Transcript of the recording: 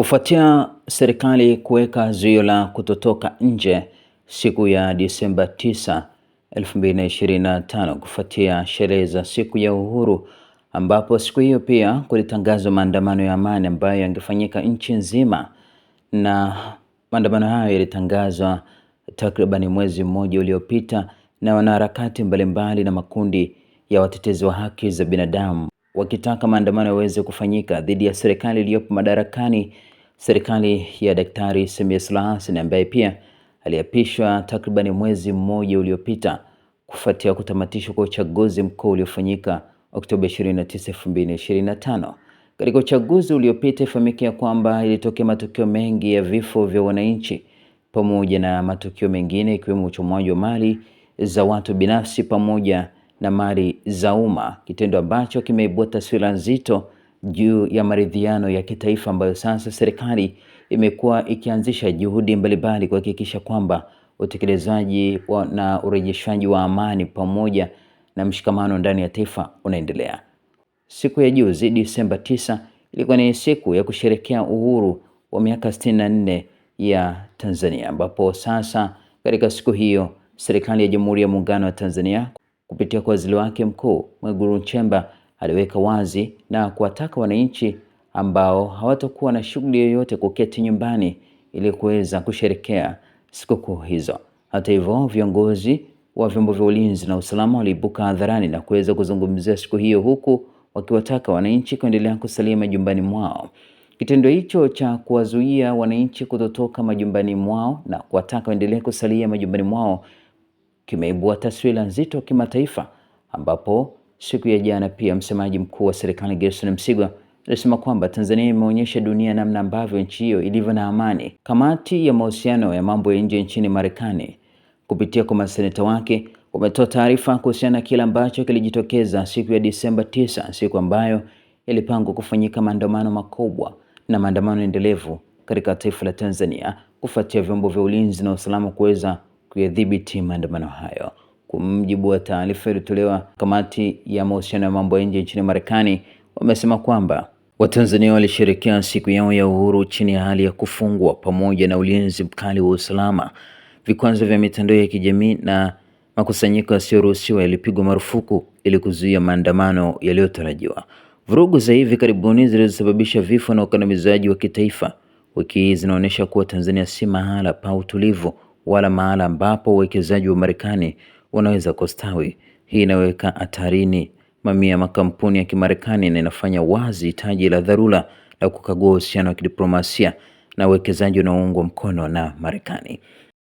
Kufuatia serikali kuweka zuio la kutotoka nje siku ya Disemba 9, 2025 kufuatia sherehe za siku ya uhuru, ambapo siku hiyo pia kulitangazwa maandamano ya amani ambayo yangefanyika nchi nzima, na maandamano hayo yalitangazwa takribani mwezi mmoja uliopita na wanaharakati mbalimbali na makundi ya watetezi wa haki za binadamu wakitaka maandamano yaweze kufanyika dhidi ya serikali iliyopo madarakani Serikali ya Daktari Samia Suluhu Hassan ambaye pia aliapishwa takribani mwezi mmoja uliopita kufuatia kutamatishwa kwa uchaguzi mkuu uliofanyika Oktoba 29, 2025. Katika uchaguzi uliopita ifahamike kwamba ilitokea matukio mengi ya vifo vya wananchi pamoja na matukio mengine ikiwemo uchomwaji wa mali za watu binafsi pamoja na mali za umma, kitendo ambacho kimeibua taswira nzito juu ya maridhiano ya kitaifa ambayo sasa serikali imekuwa ikianzisha juhudi mbalimbali kuhakikisha kwamba utekelezaji na urejeshaji wa amani pamoja na mshikamano ndani ya taifa unaendelea. Siku ya juzi Disemba 9 ilikuwa ni siku ya kusherekea uhuru wa miaka 64 ya Tanzania, ambapo sasa katika siku hiyo serikali ya Jamhuri ya Muungano wa Tanzania kupitia kwa waziri wake mkuu Mwigulu Nchemba aliweka wazi na kuwataka wananchi ambao hawatakuwa na shughuli yoyote kuketi nyumbani ili kuweza kusherekea sikukuu hizo. Hata hivyo, viongozi wa vyombo vya ulinzi na usalama waliibuka hadharani na kuweza kuzungumzia siku hiyo huku wakiwataka wananchi kuendelea kusalia majumbani mwao. Kitendo hicho cha kuwazuia wananchi kutotoka majumbani mwao na kuwataka waendelee kusalia majumbani mwao kimeibua taswira nzito kimataifa ambapo Siku ya jana pia msemaji mkuu wa serikali Gerson Msigwa alisema kwamba Tanzania imeonyesha dunia namna ambavyo nchi hiyo ilivyo na amani. Kamati ya mahusiano ya mambo ya nje nchini Marekani kupitia kwa maseneta wake wametoa taarifa kuhusiana na kile ambacho kilijitokeza siku ya Disemba 9, siku ambayo ilipangwa kufanyika maandamano makubwa na maandamano endelevu katika taifa la Tanzania kufuatia vyombo vya ulinzi na usalama kuweza kuyadhibiti maandamano hayo. Kwa wa taarifa iliyotolewa kamati ya mahusiano ya mambo ya nje nchini Marekani, wamesema kwamba Watanzania walisherekea siku yao ya uhuru chini ya hali ya kufungwa pamoja na ulinzi mkali wa usalama. Vikwazo vya mitandao ya kijamii na makusanyiko yasiyoruhusiwa yalipigwa marufuku ili kuzuia maandamano yaliyotarajiwa. Vurugu za hivi karibuni zilizosababisha vifo na ukandamizaji wa kitaifa wiki hii zinaonyesha kuwa Tanzania si mahala pa utulivu wala mahala ambapo uwekezaji wa Marekani wanaweza kustawi. Hii inaweka hatarini mamia ya makampuni ya Kimarekani na inafanya wazi hitaji la dharura la kukagua uhusiano wa kidiplomasia na uwekezaji unaoungwa mkono na Marekani.